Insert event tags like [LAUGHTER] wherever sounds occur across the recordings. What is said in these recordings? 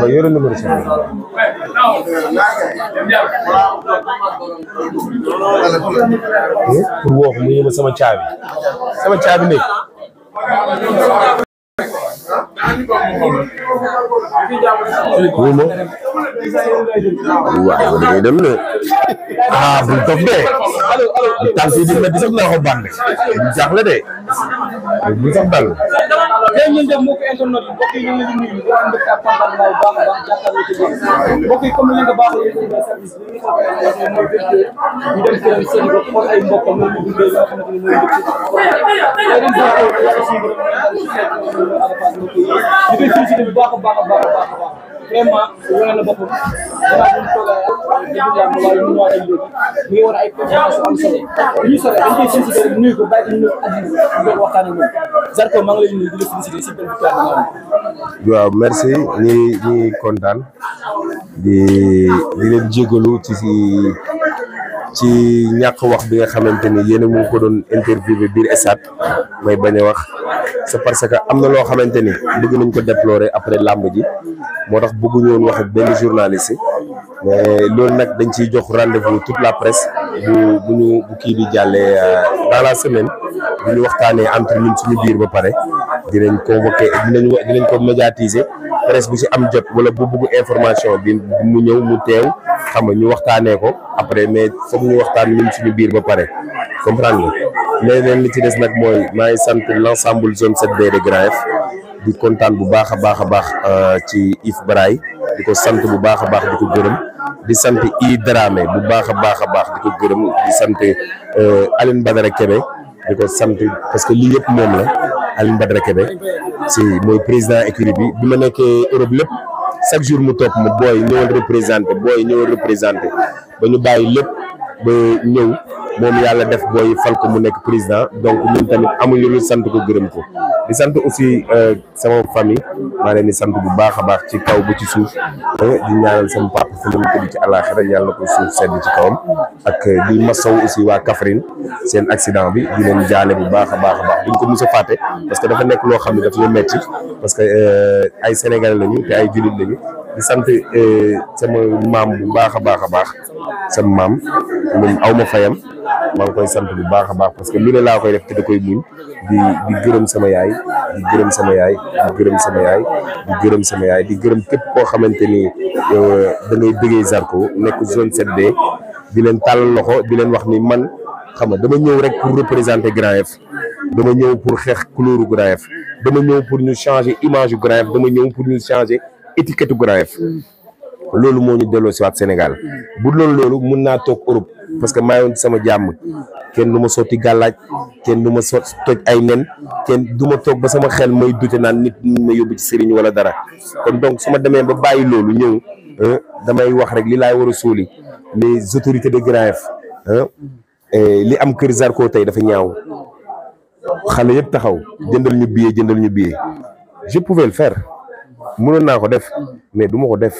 ba yore numéro si eh, pour woo ko mu yëngal sama caabi sama caabi nekk waaye ba ngay ah, di métti sax naa ko bu jaaxle de bu sax dal tey di nuyu di ànd ak kontaan bu baax a baax jàkkaarloo ci ñu koy félicité bu baax a baax a baax a baax vraiment wane na boppam damaa doon toogal ak mu war a mu war a ay conférence am solo bu ñu sore dañ koy félicité rek nuyu ko bàyyi ko ñu doon waxtaan ak moom Zarko maa ngi lay nuyu di la félicité si benn victoire bi nga waaw merci ñi ñi kontaan di di leen jégalu ci si. ci ñàq wax bi nga xamante ni yéen a ngi ko doon interviewé biir stade may bañ a wax c'est parce que am na loo xamante ni bëgg nañ ko déplorer après làmb ji moo tax bëgguñu woon wax ak benn journaliste mais loolu nag dañ ciy jox rendez-vous tout la presse bu ñu bu kii di jàllee euh, dans la semaine bu ñu waxtaanee entre ñun suñu biir ba pare dinañ convoqué dinañ dinañ ko médiatiser presse bu si am jot wala bu bëgg information bi mu ñëw mu teew xam nga ñu waxtaanee ko. après mais foog ñu waxtaan ñun suñu biir ba pare comprendre nga leneen li ci des nag mooy maa ngi sant l' ensemble zone 7B de Grand Yoff di kontaan bu baax a baax a baax euh, ci Yves Braille di ko sant bu baax a baax di ko gërëm di sant I Dramé bu baax a baax a baax di ko gërëm di sant euh, Aline Badara Kébé di ko sant parce que li yëpp moom la Aline Badara Kébé si mooy président écurie bi bi ma nekkee Europe lépp. chaque jour mu topp ma booy ñëwal représenté booy ñëwal représenté ba ñu bàyyi lépp ba ñëw moom yàlla def booy fal ko mu nekk président donc ñun tamit amuñu lu sant ko gërëm ko di sant aussi euh, sama famille maa leen di sant bu baax a baax ci kaw bu ci suuf di ñaanal sama papa fu mu tëdd yàlla na ko suuf sedd ci kawam ak euh, di masaw aussi waa Kaffrine seen accident bi di leen jaale bu baax a baax a baax duñ ko mos a fàtte parce que dafa nekk loo xam ne daf ñu metti parce que euh, ay sénégalais lañu te ay jullit lañu. di sant eh, sama maam bu baax a baax a baax sama maam moom aw ma fayam maa ngi koy sant bu baax a baax parce que lu ne laa koy def te da koy muñ di gërëm sama yaay di gërëm sama yaay di gërëm sama yaay di gërëm sama yaay gërëm képp koo xamante ni eh, da ngay bëggee Zarko nekk zone 7B di leen tàllal loxo di leen wax ni man xam nga dama ñëw rek pour représenter Grand Yoff dama ñëw pour xeex couleur Grand dama pour ñu changer image Grand Yoff dama ñëw pour ñu changer. étiquette Grand F loolu moo ñu delloo si waat Sénégal bu loolu loolu mun naa toog Europe parce que maa woon sama jàmm kenn du ma sotti gàllaaj kenn du ma so toj ay nen kenn du ma toog ba sama xel may dute naan nit ñi ma yóbbu ci sëriñ wala dara kon donc su ma demee ba bàyyi loolu ñëw damay wax rek li laay war a sóoli les autorités de Grand F li am kër Zarko tey dafa ñaaw xale yëpp taxaw jëndal ñu billet jëndal ñu billet je pouvais le mënoon naa ko def mais du ma ko def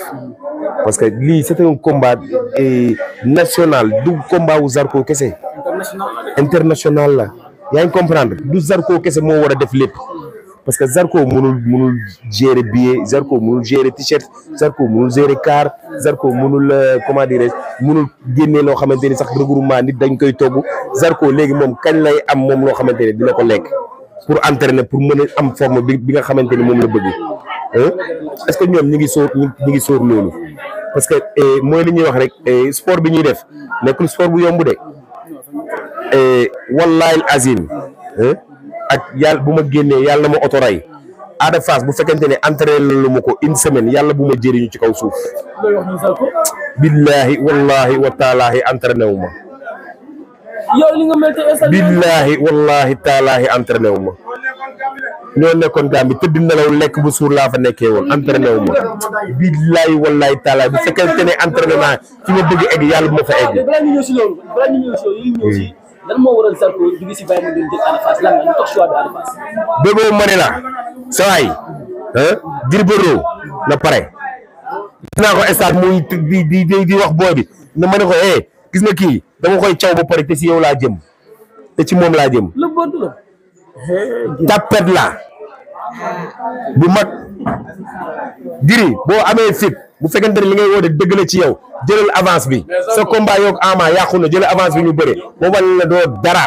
parce que lii c'est un combat national du combat wu Zarko kese. international la yaa ngi comprendre du Zarko kese moo war a def lépp parce que Zarko mënul mënul gérer billet Zarko mënul gérer t-shirt Zarko mënul gérer car Zarko mënul euh, comment dirais mënul génnee loo xamante ni sax regroupement nit dañ koy togg Zarko léegi moom kañ lay am moom loo xamante ne dina ko lekk pour entraîner pour mën a am forme bi bi nga xamante ni moom la bëgg. est-ce que ñoom ñi ngi sóor ñi ngi sóor loolu parce que eh, mooy li ñuy wax rek eh, sport bi ñuy def nekkul sport bu yomb de eh, wallahi azim ak yàlla bu ma génnee yàlla ma oto rey Ada bu fekkente ne entraîné lu ma ko une semaine yàlla bu ma jëriñu ci kaw suuf billaahi wallahi wa taalaahi entraîné wu ma billaahi wallahi taalaahi entraîné wu ma loolu nekkoon Gambie tëdd nelaw lekk bu suur laa fa nekkee woon entraîné wu ma billaay wallaay taala bu fekkente ne entraînement fi ma bëgg egg yàlla bu ma fa egg. balaa ñu ma ne la sa waay ah Gris na pare. gis naa ko instant muy di di di wax booy bi na ma ko eh gis nga kii dama koy caw ba pare te si yow laa jëm te ci moom laa jëm. tapet la bu mag giri boo amee fit bu fekkente ne li ngay woote dëgg la ci yow jëlal avance bi sa combat yoog ama yàqu na jëlal avance bi ñu bëre boo wane la doo dara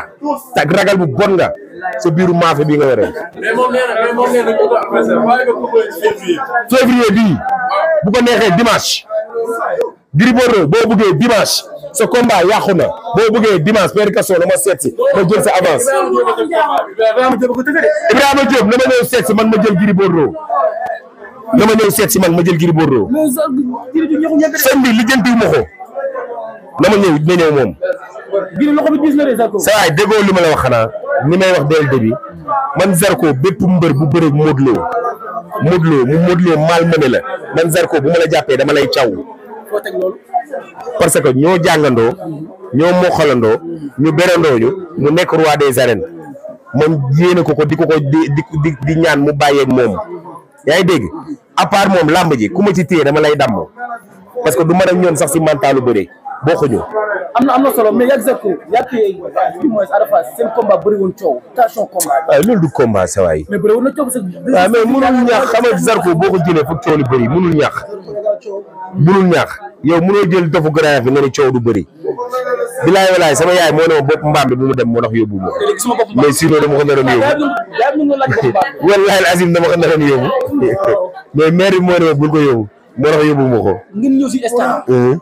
tak ragal bu bon nga sa biiru maafe bii nga yore. mais moom nee na neexee dimanche. Gris Bordeaux boo bëggee dimanche sa combat yàqu na boo bëggee dimanche père Gaston na ma seet ma jël sa avance Ibrahima Diop na ma ñëw seet man ma jël Gris Bordeaux na ma ñëw seet si man ma jël Gris Bordeaux sëñ bi lijjantiw ma ko na ma ñëw na ñëw moom sawaay déggoo li ma la wax xanaa ni may wax deel début man Zarko bépp mbër bu bëreeg Modou Lo Modou Lo mu la man Zarko bu ma la jàppee dama lay caw parce que ñoo jàngandoo ñoo moxalandoo ñu berandoo ñu mu nekk roi des arènes moom yéene ko ko di ko ko di di di ñaan mu bàyyeeg moom yaa ngi dégg à moom làmb ji ku ma ci téye dama lay damm parce que du man a ñoom sax si mentalu bëre. bokkuñu. am na am na solo mais yàgg Zarko yàgg kii mooy Ada Fass seen combat bëri woon coow tension combat. waaw ah, loolu du combat sa waay. mais bëri boo ko jëlee foog coow ah, li bëri mënul ñàkk. mënul ñàkk yow mënoo dofu grand bi nga ne coow du bëri. bilaay walaay sama yaay moo ne ma bopp mbaam bi mu dem moo tax yóbbu ma mais sinon dama ko naroon yóbbu [LAUGHS] wallaahi al azim dama ko naroon yóbbu [LAUGHS] [LAUGHS] mais maire bi moo ne ma bul ko moo tax yóbbu ma ko. ngeen uh-huh.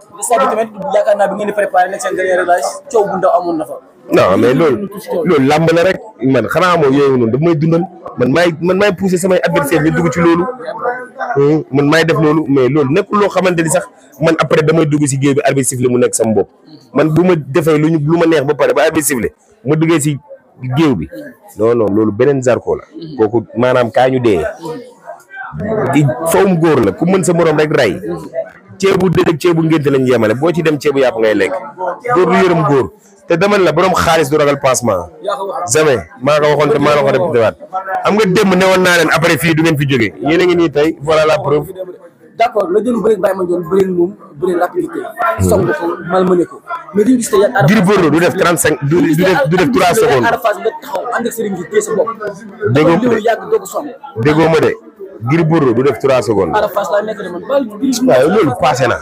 bu ndaw amoon na fa. non mais loolu loolu làmb la rek man xanaa moom yooyu noonu daf may dundal man maay man maay poussé samay adversaire ñu dugg ci loolu uh-huh. man maay def loolu mais loolu nekkul loo xamante ni sax man après damay dugg si géew bi arbitre sifflé mu nekk sama bopp man bu ma defee lu ñu lu ma neex ba pare ba arbitre sifflé ma duggee si géew bi non non loolu beneen Zarko la mm-hmm. kooku maanaam kaa ñu dee. i fawum góor la ku mën sa moroom rek rey ceebu dëj ceebu ngénte lañ yemale boo ci dem ceebu yàpp ngay lekk góor du yërëm góor te dama la boroom xaalis du ragal passement jamais maa ko waxoon te maa la ko répété waat am nga démb naa leen après fii du ngeen fi jóge yéen a ngi nii tey voilà la preuve. d'accord la jël ma jël ko malmené ko mais dañu gis tey ak. Gris Bordeaux du def trente cinq du def trois secondes. dégg nga ma de. Gris Bordeaux du def trois secondes. waaw loolu passé na.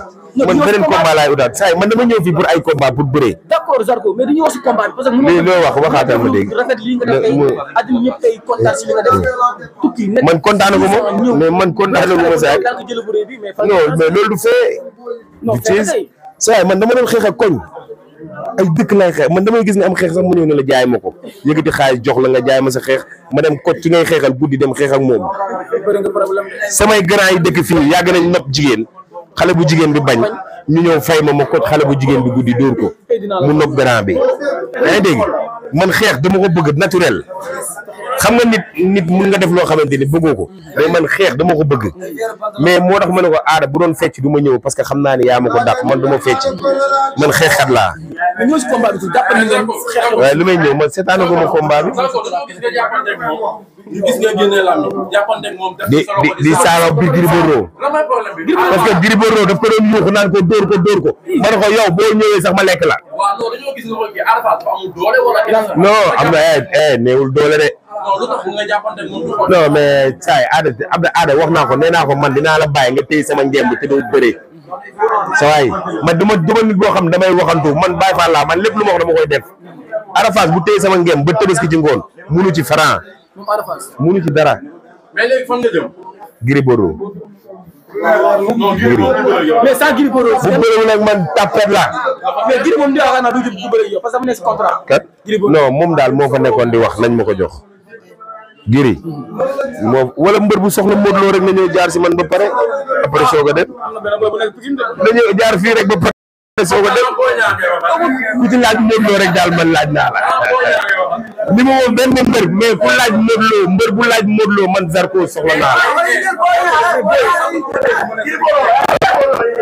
man beneen combat laay utaat saa man dama ñëw fii pour ay combat pour bëree. d'accord Zarko mais dañuy wax si combat bi parce que. lii loo wax waxaatal ma dégg. man kontaan ko moom man kontaan ko moom saa non mais loolu fee. du Thiès saa man dama doon xeex koñ. ay dëkk lay xeex man damay gis ne am xeex sax mu ñëw ne la jaay ma ko yëkkati xaalis jox la nga jaay ma sa xeex ma dem kot ci ngay xeexal guddi dem xeex ak moom samay grand yi dëkk fii yàgg nañ nopp jigéen xale bu jigéen bi bañ ñu ñëw fay ma ma kot xale bu jigéen bi guddi dóor ko mu nopp grand bi yaa ngi dégg man xeex dama ko bëgg naturel xam nga nit nit mun nga def loo xamante ni bëggoo ko mais man xeex dama ko bëgg mais moo tax ma ne ko aada bu doon fecc du ma ñëw parce que xam naa ne yaa ma ko dàq man du ma fecc man xeexkat laa. waaye lu may ñëw man seetaanu ko ma combat bi. di di di saara bi Gris Bordeaux parce daf ko doon yuuxu naan ko dóor ko dóor ko ma ne ko yow boo ñëwee sax ma lekk la. non am na eh eh néewul doole de. non mais saay aada ab aada wax naa ko nee naa ko man dinaa la bàyyi nga téye sama ngemb te doo bëree sa waay man duma duma nit boo xam ne damay waxantu man Baay Faal laa man lépp lu ma wax dama bu téye sama ngemb ba Tabaski ci ngoon munu ci ci dara mais léegi fan bu bëriwul nag man tapet la mais Gris moom daal moo fa nekkoon di wax nañ ma ko jox giri moom mbër bu soxla Modou rek na ñëw jaar si man ba pare après soog a dem na ñëw jaar fii rek ba pare soog a dem ku ci laaj Modou rek daal man laaj naa la ni ma benn mbër mais ku laaj Modou mbër bu laaj Modou Lo man Zarko soxla naa la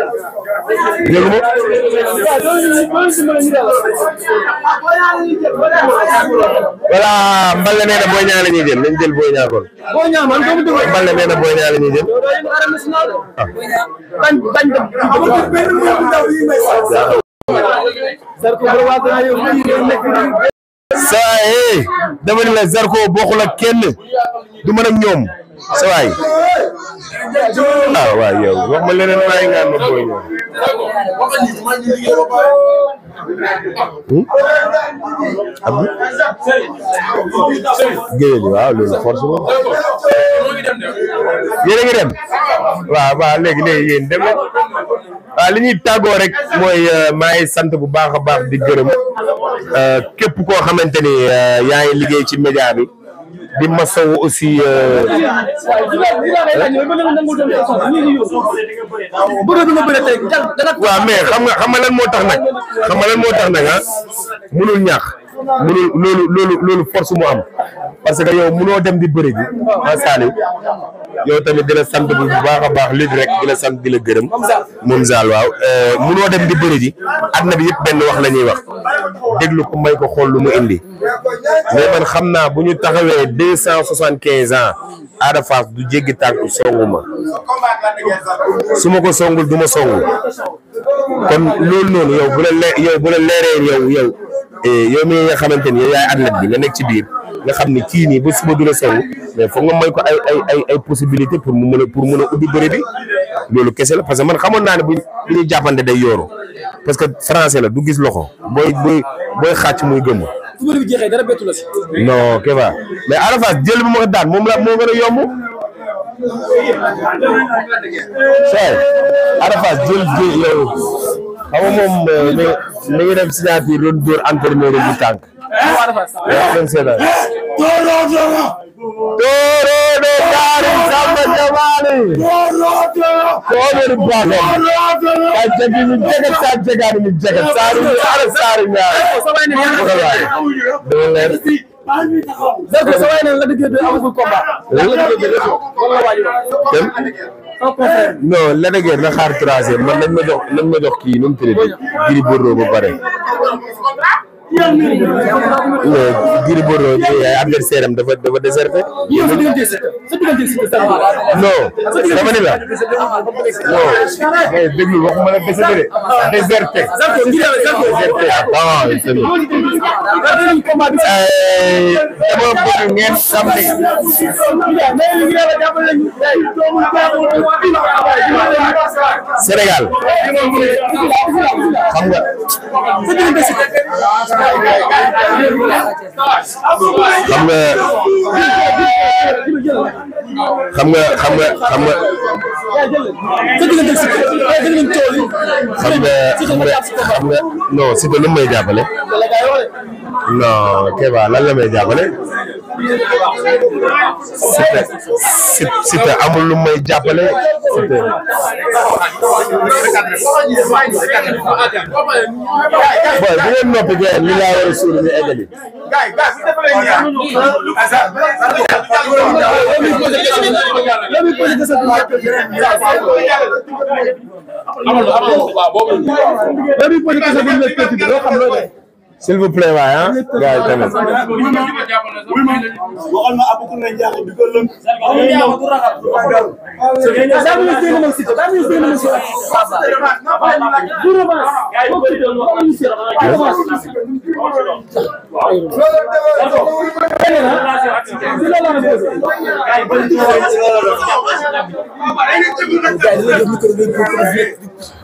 dégg nga. voilà Mballa nee na Boy Niang la ñuy jël booy jël Boy Niang kon. Mballa nee na Boy jël. saa yee dama ne la Zarko bokkul ak kenn du mën ak ñoom. sa waay ah waaw yow wax ma booy ñëw. Abdou. géwél yi waaw loolu force la. yéen a waaw waaw léegi léegi yéen dem na waaw li ñuy tàggoo rek mooy euh, maa ngi sant bu baax a baax di gërëm euh, képp koo xamante ni euh, yaa ngi liggéey ci média bi. di masawu aussi. Euh, waaw mais xam nga xam nga lan moo tax nag xam nga lan moo tax nag ah mënul ñaax mënul loolu loolu loolu force mu am parce que yow mënoo dem di bëri ji en ah, yow tamit di la sant bu baax a baax léegi rek di la sant di la gërëm. moom zaal waaw euh, munoo dem di bëri ji àdduna bi yëpp benn wax la ñuy wax déglu ko may ko xool lu mu indi mais man xam naa bu ñu taxawee deux cent soixante quinze ans Ada Fass du jéggi tànk songu ma su ma ko songul du ma songu kon loolu noonu yow bu la le yow bu yow yow eh, nga xamante ni yow yaay athlète bi nga nekk ci biir nga xam ni kii nii ba suba du la songu mais foog nga may ko ay ay possibilité pour mu a pour mën a ubbi bëre loolu kese la parce que man xamoon naa ne bu ñu jàppante day yooru parce que français la du gis loxo booy booy booy xàcc muy gëmm. su bëri bi jeexee mais Ada Fass jël bi ma ko moom la moo gën a yomb. saa Ada jël jël xam nga moom euh, mi ngi dem signature doon dóor entraîneur bi tànk. waaw waaw waaw. Doro da tarin samun jamani. Doro ba ka. Ka jagi min jaga ta jaga ni min jaga la dëgër na xaar tracé man nañ ma jox nañ ma jox kii nu mu tëddee Gris Bordeaux ba pare Gris Bordeaux eh, eh, adversaire am dafa dafa déserté. non dama ne la non eh, déglu waxuma la déserté déserté. ne ah, Sénégal xam nga. xam nga xam nga xam nga xam nga. non Siteu lu may jàppale. non Kéba lan la may jàppale. Siteu Siteu Siteu amul lu may booy bu laa war a suur s'il vous plaît waay ah gars yi tamit.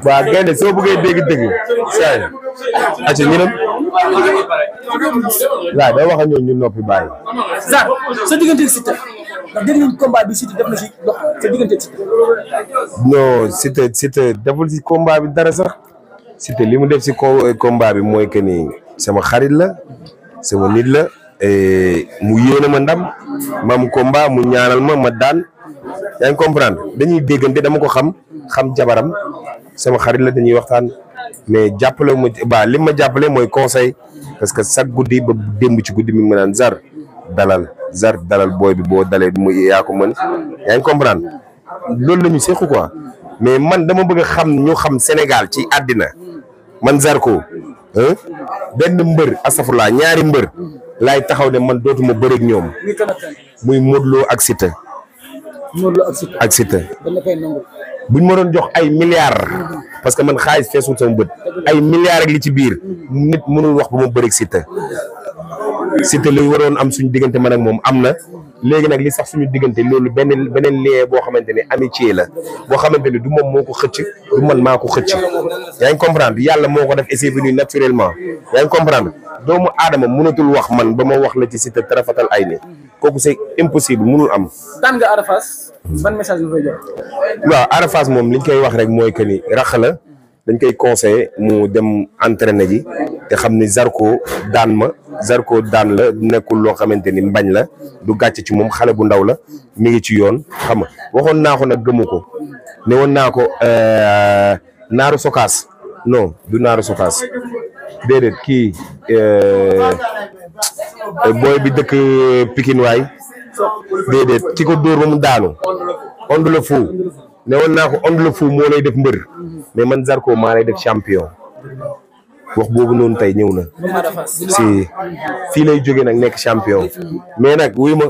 waaw gën soo bëggee dégg-dégg saa aca ñu dem waaw wax ak ñoom ñu noppi bàyyi. sa digganteeg Siteu ndax def na ci loxo sa digganteeg dara sax Siteu li mu def ci euh, combat bi mooy que ni sama xarit la sama nit la mu yéene ma ndam ma mu combat mu ñaanal ma ma daan yaa ngi comprendre dañuy déggante dama ko xam xam jabaram sama xarit la dañuy waxtaan. mais jàppale ma baa li ma jàppale mooy conseil parce que chaque guddi ba démb ci guddi mi ngi ma naan zar dalal zar dalal booy bi boo dalee mu yaa ko mën yaa ngi comprendre loolu la ñu sequ quoi mais man dama bëgg xam ñu xam Sénégal ci àddina man Zarko benn mbër astafurlaa ñaari mbër laay taxaw ne man dootuma bëreeg ñoom muy Modou Lo ak Siteu. Modou Lo ak buñ ma jox ay milliards. parce que man xaalis feesul sama bët ay milliards ak li ci biir nit mënul wax ba ma bëri Siteu Siteu li waroon am suñu diggante man ak moom am na léegi nag li sax suñu diggante loolu benn beneen lien boo xamante ne amitié la boo xamante ne du moom moo ko xëcc du man maa ko xëcc yaa ngi comprendre yàlla moo ko def essai bi naturellement yaa ngi comprendre doomu aadama mënatul wax man ba ma wax la ci Siteu tarafatal ay ni kooku c'est impossible mënul am. daan nga Ada Fass message nga koy jox. waaw Ada Fass moom liñ koy wax rek mooy que ni rax la dañ koy conseillé mu dem entraîné ji te xam ni Zarko daan ma Zarko daan la nekkul loo xamante ni mbañ la du gàcc ci moom xale bu ndaw la mu ngi ci yoon xam nga waxoon naa ko nag gëmu ko ne naa ko euh, naaru sokaas. non du naaru soxaas déedéet kii eh, eh, booy bi dëkk eh, Pikine waay déedéet ci ko dóor ba mu daanu Onde le ne woon naa ko Onde moo lay def mbër mais man Zarko maa lay def champion wax boobu noonu tey ñëw na si fii lay jóge nag nekk champion mais nag wuy ma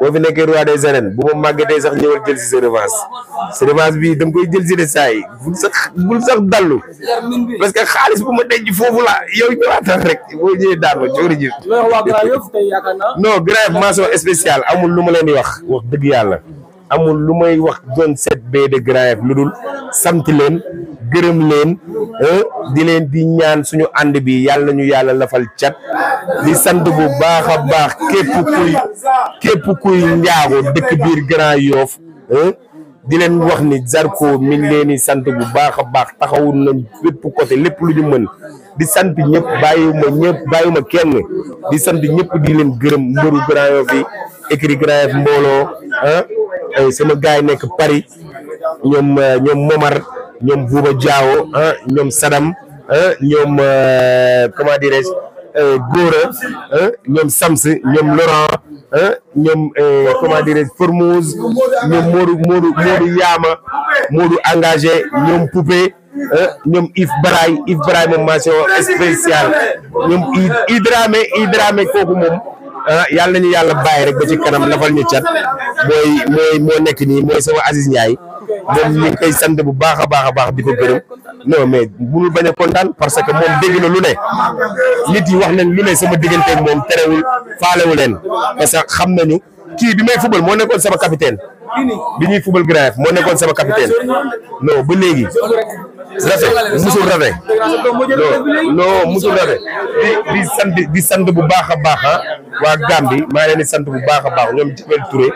boo fi nekkee roi des arènes bu ma màggatee sax ñëwal jël si sa revanche sa revanche bi dama koy jël si de saa yi bul sax bul sax dallu parce que xaalis bu ma denc foofu la yow ñëwaatal rek boo ñëwee daan ma coori ji non grave mention spéciale amul lu ma leen wax wax dëgg yàlla amul lu may wax zone set b de Grand Yoff lu dul sant leen gërëm leen eh, di leen di ñaan suñu ànd bi yàlla ñu yàlla lafal cat di sant bu baax a baax képp kuy képp kuy njaago dëkk biir Grand Yoff eh. di leen wax ni Zarko mi ngi leen di sant bu baax a baax taxawul nañ bépp côté lépp lu ñu mën di sant ñëpp bàyyiwuma ñëpp bàyyiwuma kenn di sant ñëpp di leen gërëm mbëru Grand Yoff yi écrit Grand Yoff mbooloo eh. sama gars nekk Paris ñoom euh, ñoom Momar ñoom Bouba Diawo ñoom Sadam ah ñoom euh, comment dirais-je euh, Gora ah ñoom Sams ñoom Laurent ah ñoom comment dirais-je Formose ñoom Modou Modou Modou Yaama Modou engagé ñoom Poupé ñoom Yves Baraay Yves Baraay moom mention spéciale ñoom Idrame Idrame kooku moom. ah yàlla ñu yàlla bàyyi rek ba ci kanam lafal ñu cat mooy mooy moo nekk nii mooy sama Aziz Ndiaye moom ñu ngi koy bu baax a baax a baax di ko gërëm non mais munul bañ a kontaan parce que moom dégg na lu ne nit yi wax na lu ne sama diggante moom terewul faalewu leen parce que xam nañu kii bi may fubal moo nekkoon sama capitaine bi ñuy fubal Grand moo nekkoon sama capitaine non ba léegi rafet musul rafet non non musul rafet di di di sant bu baax a baax ah. waa Gambie maa leen di sant bu baax a baax ñoom Jabel Touré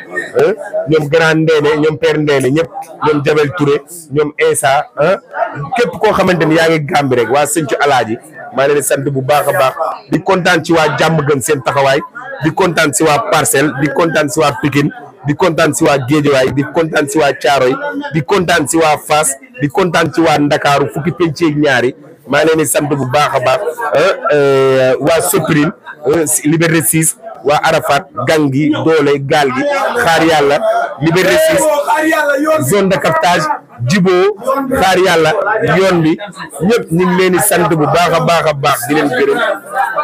ah, ñoom Grand Ndéné ñoom Père Ndéné ñëpp ñoom Jabel Touré ñoom Essa ah, képp koo xamante ni yaa ngi Gambie rek waa Sëncu Alaaji maa leen di sant bu baax a baax di kontaan ci waa jàmm gën seen taxawaay di kontaan si waa Parcelles di kontaan si waa Pikine di kontaan si waa Géejawaay di kontaan si waa Caaroy di kontaan si waa Fass di kontaan si waa Ndakaaru fukki penc ak ñaari maa leen sant bu baax a baax eh, eh, waa Soprim eh, Liberté 6 waa Arafat gang gi doole gaal gi xaar yàlla Liberté 6 zone de captage jibo xaar yàlla yoon bi ñëpp ñu leen di sant bu baax a baax a baax di leen gërëm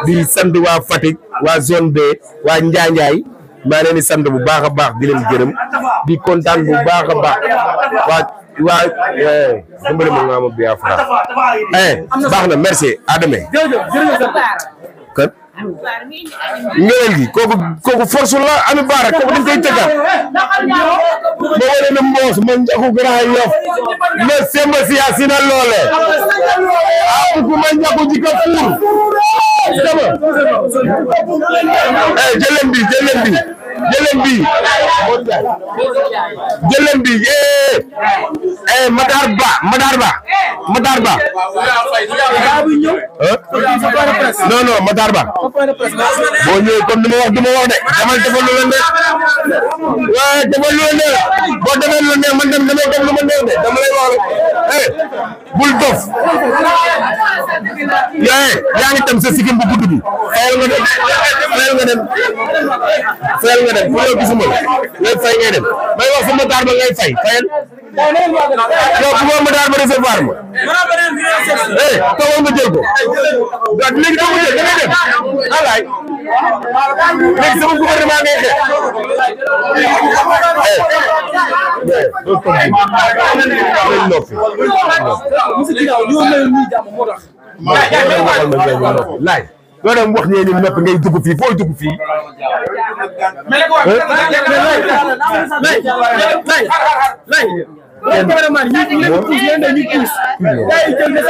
di sant waa Fatick waa zone B waa Njaanjaay maa leen di sant bu baax a baax di leen gërëm di kontaan bu baax a baax waaw dimbali ma nga ma Biafra eh, baax na merci à demain kon ngëwël gi kooku kooku force la ami baara kooku dañ koy tëggaat moo wane ne mboos ma njaku Grand Yoff ma semba siya sina loole am ah, ku ma njaku jika fuur sama eh jëleen bi jëleen jëlem bi jëlem bi yee eh Matar Matar Ba. non non Matar Ba. boo ñëwee comme ni ma wax du wax de damay defal lu leen de waaye defal boo defee lu man dem damay def wax rek eh, bul dof yooye yaa ngi tam sa bu gudd bi nga dem fayal nga dem fayal nga fay ngay dem may wax fu Matar Ba ngay fay fayal yow bu ma Matar Ba recevoir ma nga. eh taxaw nga jël ko. donc léegi doo ko jël da ngay dem. alaay. léegi sama gouvernement ngay xeex. laay loo dem wax ñee ni noppi ngay dugg fii fooy dugg fii. lay lay lay léegi caméraman yi ñu ngi leen di pousse yéen dañuy pousse.